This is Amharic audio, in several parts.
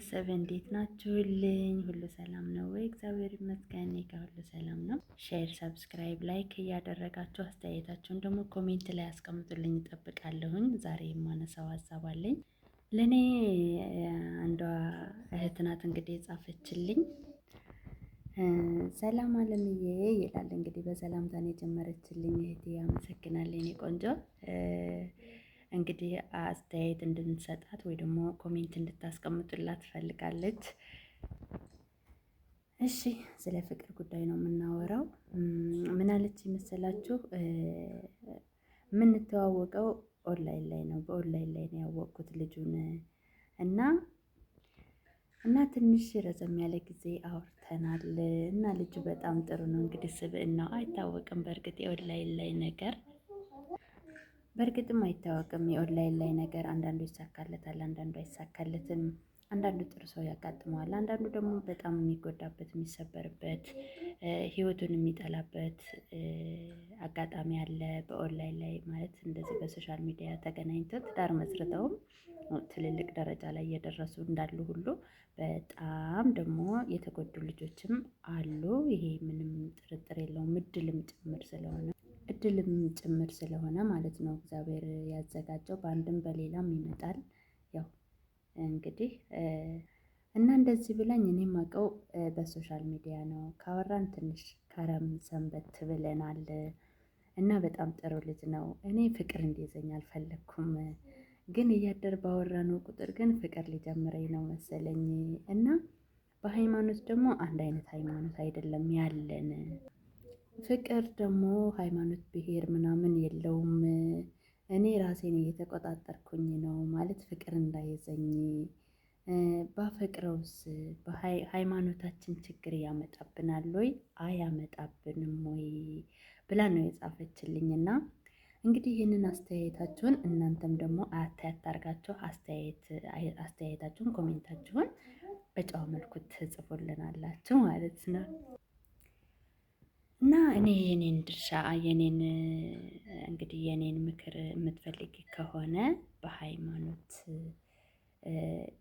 ቤተሰብ እንዴት ናችሁልኝ? ሁሉ ሰላም ነው ወይ? እግዚአብሔር ይመስገን ጋር ሁሉ ሰላም ነው። ሼር፣ ሰብስክራይብ፣ ላይክ እያደረጋችሁ አስተያየታችሁን ደግሞ ኮሜንት ላይ አስቀምጡልኝ፣ እጠብቃለሁኝ። ዛሬ የማነሳው ሀሳብ አለኝ። ለእኔ አንዷ እህት ናት እንግዲህ የጻፈችልኝ ሰላም አለምዬ ይላል እንግዲህ በሰላምታን የጀመረችልኝ እህቴ። አመሰግናለሁ ቆንጆ እንግዲህ አስተያየት እንድንሰጣት ወይ ደግሞ ኮሜንት እንድታስቀምጡላት ትፈልጋለች። እሺ ስለ ፍቅር ጉዳይ ነው የምናወራው። ምን አለች መሰላችሁ? የምንተዋወቀው ኦንላይን ላይ ነው። በኦንላይን ላይ ነው ያወቅኩት ልጁን እና እና ትንሽ ረዘም ያለ ጊዜ አውርተናል እና ልጁ በጣም ጥሩ ነው። እንግዲህ ስብዕናው አይታወቅም። በእርግጥ የኦንላይን ላይ ነገር በእርግጥም አይታወቅም። የኦንላይን ላይ ነገር አንዳንዱ ይሳካለታል፣ አንዳንዱ አይሳካለትም። አንዳንዱ ጥሩ ሰው ያጋጥመዋል፣ አንዳንዱ ደግሞ በጣም የሚጎዳበት የሚሰበርበት ህይወቱን የሚጠላበት አጋጣሚ አለ። በኦንላይን ላይ ማለት እንደዚህ በሶሻል ሚዲያ ተገናኝተው ትዳር መስርተውም ትልልቅ ደረጃ ላይ እየደረሱ እንዳሉ ሁሉ በጣም ደግሞ የተጎዱ ልጆችም አሉ። ይሄ ምንም ጥርጥር የለውም፣ እድልም ጭምር ስለሆነ እድልም ጭምር ስለሆነ ማለት ነው እግዚአብሔር ያዘጋጀው በአንድም በሌላም ይመጣል። ያው እንግዲህ እና እንደዚህ ብለኝ እኔ የማውቀው በሶሻል ሚዲያ ነው ካወራን ትንሽ ከረም ሰንበት ብለናል። እና በጣም ጥሩ ልጅ ነው እኔ ፍቅር እንዲይዘኝ አልፈለኩም። ግን እያደር ባወራነው ቁጥር ግን ፍቅር ሊጀምረኝ ነው መሰለኝ እና በሃይማኖት ደግሞ አንድ አይነት ሃይማኖት አይደለም ያለን ፍቅር ደግሞ ሃይማኖት፣ ብሄር ምናምን የለውም። እኔ ራሴን እየተቆጣጠርኩኝ ነው ማለት ፍቅር እንዳይዘኝ ባፈቅረውስ ሃይማኖታችን ችግር ያመጣብናል ወይ አያመጣብንም ወይ ብላ ነው የጻፈችልኝና እንግዲህ ይህንን አስተያየታችሁን እናንተም ደግሞ አታያት ታርጋችሁ አስተያየታችሁን ኮሜንታችሁን በጨዋ መልኩ ትጽፉልናላችሁ ማለት ነው። እና እኔ የኔን ድርሻ የኔን እንግዲህ የኔን ምክር የምትፈልግ ከሆነ በሃይማኖት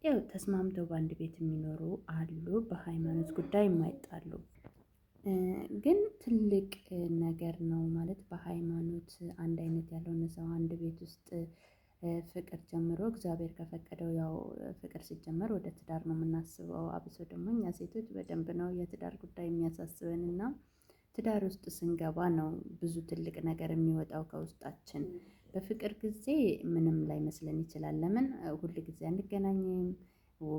ያው ተስማምተው በአንድ ቤት የሚኖሩ አሉ፣ በሃይማኖት ጉዳይ የማይጣሉ ግን ትልቅ ነገር ነው ማለት በሃይማኖት አንድ አይነት ያልሆነ ሰው አንድ ቤት ውስጥ ፍቅር ጀምሮ እግዚአብሔር ከፈቀደው ያው ፍቅር ሲጀመር ወደ ትዳር ነው የምናስበው። አብሶ ደግሞ እኛ ሴቶች በደንብ ነው የትዳር ጉዳይ የሚያሳስበን እና ትዳር ውስጥ ስንገባ ነው ብዙ ትልቅ ነገር የሚወጣው ከውስጣችን። በፍቅር ጊዜ ምንም ላይመስለን ይችላል። ለምን ሁል ጊዜ አንገናኝም፣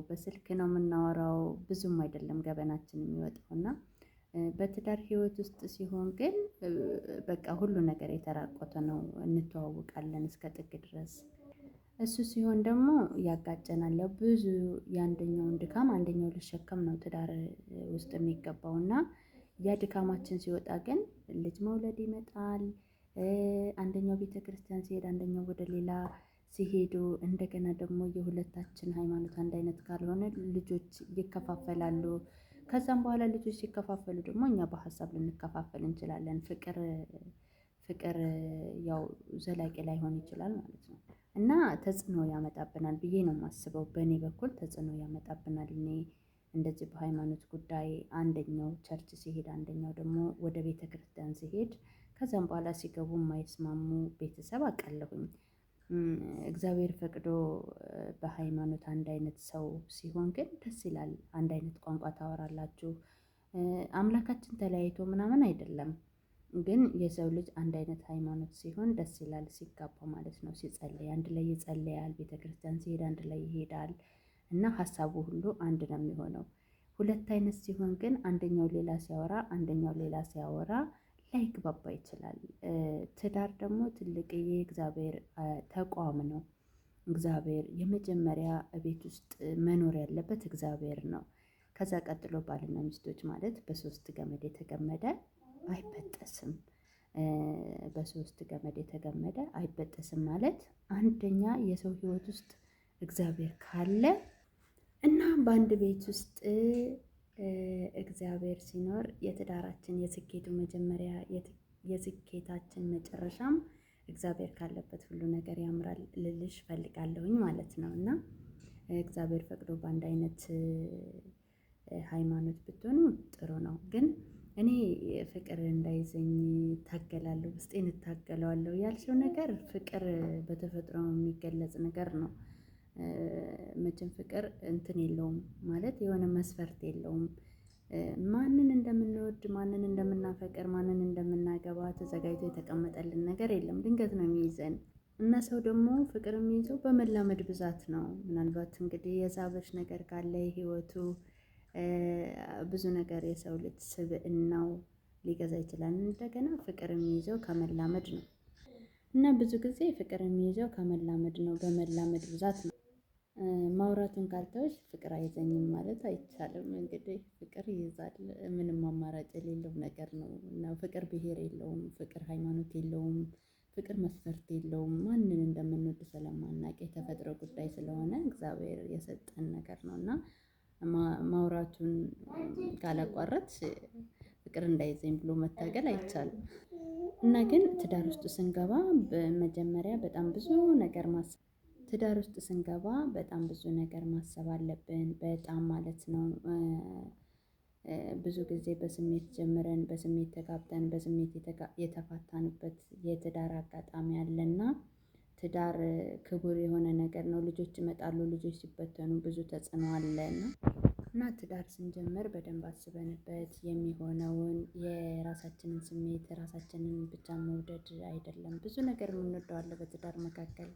በስልክ ነው የምናወራው፣ ብዙም አይደለም ገበናችን የሚወጣው እና በትዳር ህይወት ውስጥ ሲሆን ግን በቃ ሁሉ ነገር የተራቆተ ነው። እንተዋወቃለን እስከ ጥግ ድረስ። እሱ ሲሆን ደግሞ ያጋጨናል። ብዙ የአንደኛውን ድካም አንደኛው ሊሸከም ነው ትዳር ውስጥ የሚገባው እና ያ ድካማችን ሲወጣ ግን ልጅ መውለድ ይመጣል። አንደኛው ቤተ ክርስቲያን ሲሄድ አንደኛው ወደ ሌላ ሲሄዱ እንደገና ደግሞ የሁለታችን ሃይማኖት አንድ አይነት ካልሆነ ልጆች ይከፋፈላሉ። ከዛም በኋላ ልጆች ሲከፋፈሉ ደግሞ እኛ በሀሳብ ልንከፋፈል እንችላለን። ፍቅር ፍቅር ያው ዘላቂ ላይሆን ይችላል ማለት ነው እና ተጽዕኖ ያመጣብናል ብዬ ነው የማስበው። በእኔ በኩል ተጽዕኖ ያመጣብናል እኔ እንደዚህ በሃይማኖት ጉዳይ አንደኛው ቸርች ሲሄድ፣ አንደኛው ደግሞ ወደ ቤተ ክርስቲያን ሲሄድ ከዛም በኋላ ሲገቡ የማይስማሙ ቤተሰብ አውቃለሁኝ። እግዚአብሔር ፈቅዶ በሃይማኖት አንድ አይነት ሰው ሲሆን ግን ደስ ይላል። አንድ አይነት ቋንቋ ታወራላችሁ። አምላካችን ተለያይቶ ምናምን አይደለም። ግን የሰው ልጅ አንድ አይነት ሃይማኖት ሲሆን ደስ ይላል። ሲጋባ ማለት ነው። ሲጸልይ አንድ ላይ ይጸልያል። ቤተክርስቲያን ሲሄድ አንድ ላይ ይሄዳል። እና ሀሳቡ ሁሉ አንድ ነው የሚሆነው። ሁለት አይነት ሲሆን ግን አንደኛው ሌላ ሲያወራ፣ አንደኛው ሌላ ሲያወራ ላይግባባ ይችላል። ትዳር ደግሞ ትልቅ የእግዚአብሔር ተቋም ነው። እግዚአብሔር የመጀመሪያ ቤት ውስጥ መኖር ያለበት እግዚአብሔር ነው። ከዛ ቀጥሎ ባልና ሚስቶች ማለት በሶስት ገመድ የተገመደ አይበጠስም። በሶስት ገመድ የተገመደ አይበጠስም ማለት አንደኛ የሰው ሕይወት ውስጥ እግዚአብሔር ካለ እና በአንድ ቤት ውስጥ እግዚአብሔር ሲኖር የትዳራችን የስኬቱ መጀመሪያ የስኬታችን መጨረሻም እግዚአብሔር ካለበት ሁሉ ነገር ያምራል ልልሽ ፈልጋለሁኝ ማለት ነው። እና እግዚአብሔር ፈቅዶ በአንድ አይነት ሃይማኖት ብትሆኑ ጥሩ ነው። ግን እኔ ፍቅር እንዳይዘኝ እታገላለሁ፣ ውስጤን እታገለዋለሁ ያልሽው ነገር ፍቅር በተፈጥሮ የሚገለጽ ነገር ነው። መቼም ፍቅር እንትን የለውም ማለት የሆነ መስፈርት የለውም። ማንን እንደምንወድ ማንን እንደምናፈቅር ማንን እንደምናገባ ተዘጋጅቶ የተቀመጠልን ነገር የለም። ድንገት ነው የሚይዘን እና ሰው ደግሞ ፍቅር የሚይዘው በመላመድ ብዛት ነው። ምናልባት እንግዲህ የዛበሽ ነገር ካለ ህይወቱ ብዙ ነገር የሰው ልጅ ስብዕናው ሊገዛ ይችላል። እንደገና ፍቅር የሚይዘው ከመላመድ ነው እና ብዙ ጊዜ ፍቅር የሚይዘው ከመላመድ ነው፣ በመላመድ ብዛት ነው። ማውራቱን ካልተወች ፍቅር አይዘኝም ማለት አይቻልም። እንግዲህ ፍቅር ይይዛል፣ ምንም አማራጭ የሌለው ነገር ነው እና ፍቅር ብሔር የለውም፣ ፍቅር ሃይማኖት የለውም፣ ፍቅር መስፈርት የለውም። ማንን እንደምንወድ ስለማናቅ የተፈጥሮ ጉዳይ ስለሆነ እግዚአብሔር የሰጠን ነገር ነው እና ማውራቱን ካላቋረጥ ፍቅር እንዳይዘኝ ብሎ መታገል አይቻልም እና ግን ትዳር ውስጥ ስንገባ በመጀመሪያ በጣም ብዙ ነገር ማሰብ ትዳር ውስጥ ስንገባ በጣም ብዙ ነገር ማሰብ አለብን። በጣም ማለት ነው። ብዙ ጊዜ በስሜት ጀምረን በስሜት ተጋብተን በስሜት የተፋታንበት የትዳር አጋጣሚ አለና ትዳር ክቡር የሆነ ነገር ነው። ልጆች ይመጣሉ። ልጆች ሲበተኑ ብዙ ተጽዕኖ አለና እና ትዳር ስንጀምር በደንብ አስበንበት የሚሆነውን የራሳችንን ስሜት ራሳችንን ብቻ መውደድ አይደለም። ብዙ ነገር የምንወደው በትዳር መካከል